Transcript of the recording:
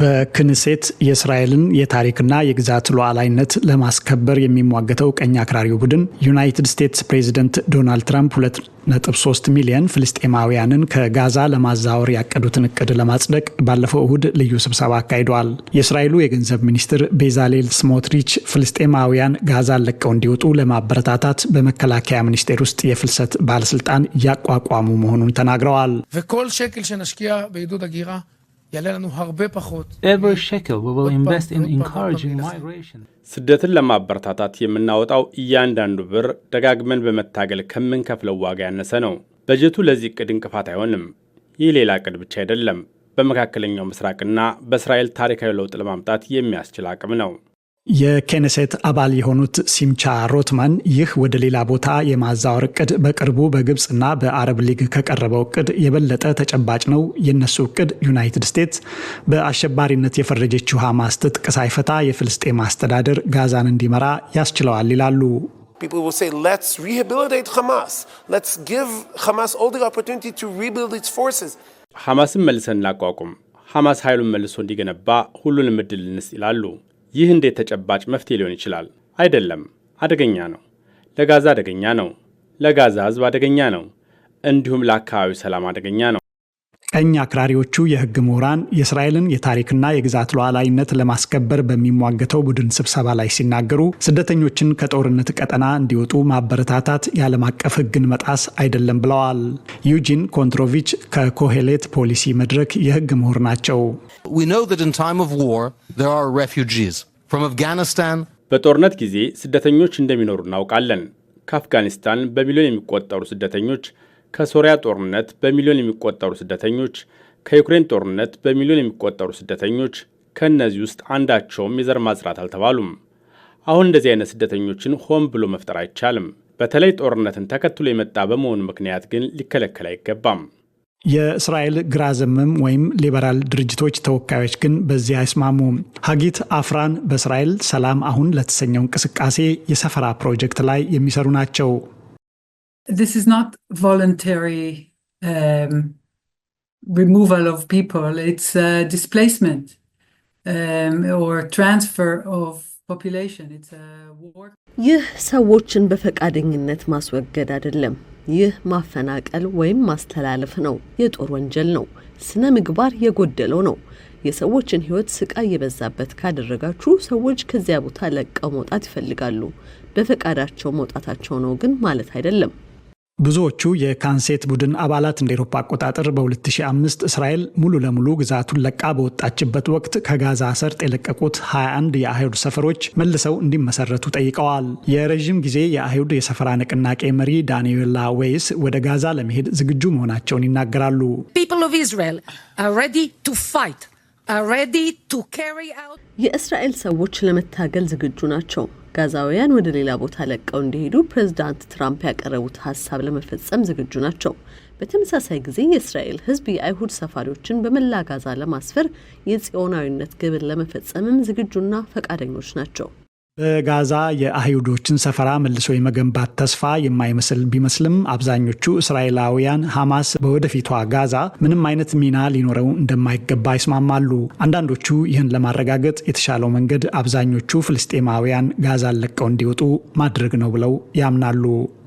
በክንሴት የእስራኤልን የታሪክና የግዛት ሉዓላዊነት ለማስከበር የሚሟገተው ቀኝ አክራሪው ቡድን ዩናይትድ ስቴትስ ፕሬዚደንት ዶናልድ ትራምፕ 2.3 ሚሊዮን ፍልስጤማውያንን ከጋዛ ለማዛወር ያቀዱትን እቅድ ለማጽደቅ ባለፈው እሁድ ልዩ ስብሰባ አካሂደዋል። የእስራኤሉ የገንዘብ ሚኒስትር ቤዛሌል ስሞትሪች ፍልስጤማውያን ጋዛን ለቀው እንዲወጡ ለማበረታታት በመከላከያ ሚኒስቴር ውስጥ የፍልሰት ባለስልጣን እያቋቋሙ መሆኑን ተናግረዋል። ስደትን ለማበረታታት የምናወጣው እያንዳንዱ ብር ደጋግመን በመታገል ከምንከፍለው ዋጋ ያነሰ ነው። በጀቱ ለዚህ እቅድ እንቅፋት አይሆንም። ይህ ሌላ እቅድ ብቻ አይደለም፣ በመካከለኛው ምስራቅና በእስራኤል ታሪካዊ ለውጥ ለማምጣት የሚያስችል አቅም ነው። የኬኔሴት አባል የሆኑት ሲምቻ ሮትማን ይህ ወደ ሌላ ቦታ የማዛወር እቅድ በቅርቡ በግብፅና በአረብ ሊግ ከቀረበው እቅድ የበለጠ ተጨባጭ ነው። የነሱ እቅድ ዩናይትድ ስቴትስ በአሸባሪነት የፈረጀችው ሐማስ ትጥቅ ሳይፈታ የፍልስጤም አስተዳደር ጋዛን እንዲመራ ያስችለዋል ይላሉ። People will say, let's rehabilitate Hamas. Let's give Hamas all the opportunity to rebuild its forces. ሐማስን መልሰን እናቋቁም። ሐማስ ኃይሉን መልሶ እንዲገነባ ሁሉንም እድል እንስጥ ይላሉ። ይህ እንዴት ተጨባጭ መፍትሄ ሊሆን ይችላል? አይደለም። አደገኛ ነው። ለጋዛ አደገኛ ነው። ለጋዛ ሕዝብ አደገኛ ነው። እንዲሁም ለአካባቢው ሰላም አደገኛ ነው። ቀኝ አክራሪዎቹ የሕግ ምሁራን የእስራኤልን የታሪክና የግዛት ሉዓላዊነት ለማስከበር በሚሟገተው ቡድን ስብሰባ ላይ ሲናገሩ ስደተኞችን ከጦርነት ቀጠና እንዲወጡ ማበረታታት የዓለም አቀፍ ህግን መጣስ አይደለም ብለዋል። ዩጂን ኮንትሮቪች ከኮሄሌት ፖሊሲ መድረክ የህግ ምሁር ናቸው። በጦርነት ጊዜ ስደተኞች እንደሚኖሩ እናውቃለን። ከአፍጋኒስታን በሚሊዮን የሚቆጠሩ ስደተኞች ከሶሪያ ጦርነት በሚሊዮን የሚቆጠሩ ስደተኞች፣ ከዩክሬን ጦርነት በሚሊዮን የሚቆጠሩ ስደተኞች፣ ከእነዚህ ውስጥ አንዳቸውም የዘር ማጽራት አልተባሉም። አሁን እንደዚህ አይነት ስደተኞችን ሆን ብሎ መፍጠር አይቻልም። በተለይ ጦርነትን ተከትሎ የመጣ በመሆኑ ምክንያት ግን ሊከለከል አይገባም። የእስራኤል ግራ ዘመም ወይም ሊበራል ድርጅቶች ተወካዮች ግን በዚህ አይስማሙም። ሀጊት አፍራን በእስራኤል ሰላም አሁን ለተሰኘው እንቅስቃሴ የሰፈራ ፕሮጀክት ላይ የሚሰሩ ናቸው። this is not voluntary um, removal of people, it's uh, displacement um, or transfer of population. It's a war. ይህ ሰዎችን በፈቃደኝነት ማስወገድ አይደለም። ይህ ማፈናቀል ወይም ማስተላለፍ ነው። የጦር ወንጀል ነው። ስነ ምግባር የጎደለው ነው። የሰዎችን ሕይወት ስቃይ የበዛበት ካደረጋችሁ ሰዎች ከዚያ ቦታ ለቀው መውጣት ይፈልጋሉ። በፈቃዳቸው መውጣታቸው ነው ግን ማለት አይደለም። ብዙዎቹ የካንሴት ቡድን አባላት እንደ ኤሮፓ አቆጣጠር በ2005 እስራኤል ሙሉ ለሙሉ ግዛቱን ለቃ በወጣችበት ወቅት ከጋዛ ሰርጥ የለቀቁት 21 የአይሁድ ሰፈሮች መልሰው እንዲመሰረቱ ጠይቀዋል። የረዥም ጊዜ የአይሁድ የሰፈራ ንቅናቄ መሪ ዳንኤላ ዌይስ ወደ ጋዛ ለመሄድ ዝግጁ መሆናቸውን ይናገራሉ። Uh, የእስራኤል ሰዎች ለመታገል ዝግጁ ናቸው። ጋዛውያን ወደ ሌላ ቦታ ለቀው እንዲሄዱ ፕሬዝዳንት ትራምፕ ያቀረቡት ሀሳብ ለመፈጸም ዝግጁ ናቸው። በተመሳሳይ ጊዜ የእስራኤል ሕዝብ የአይሁድ ሰፋሪዎችን በመላ ጋዛ ለማስፈር የጽዮናዊነት ግብር ለመፈጸምም ዝግጁና ፈቃደኞች ናቸው። በጋዛ የአይሁዶችን ሰፈራ መልሶ የመገንባት ተስፋ የማይመስል ቢመስልም አብዛኞቹ እስራኤላውያን ሐማስ በወደፊቷ ጋዛ ምንም አይነት ሚና ሊኖረው እንደማይገባ ይስማማሉ። አንዳንዶቹ ይህን ለማረጋገጥ የተሻለው መንገድ አብዛኞቹ ፍልስጤማውያን ጋዛን ለቀው እንዲወጡ ማድረግ ነው ብለው ያምናሉ።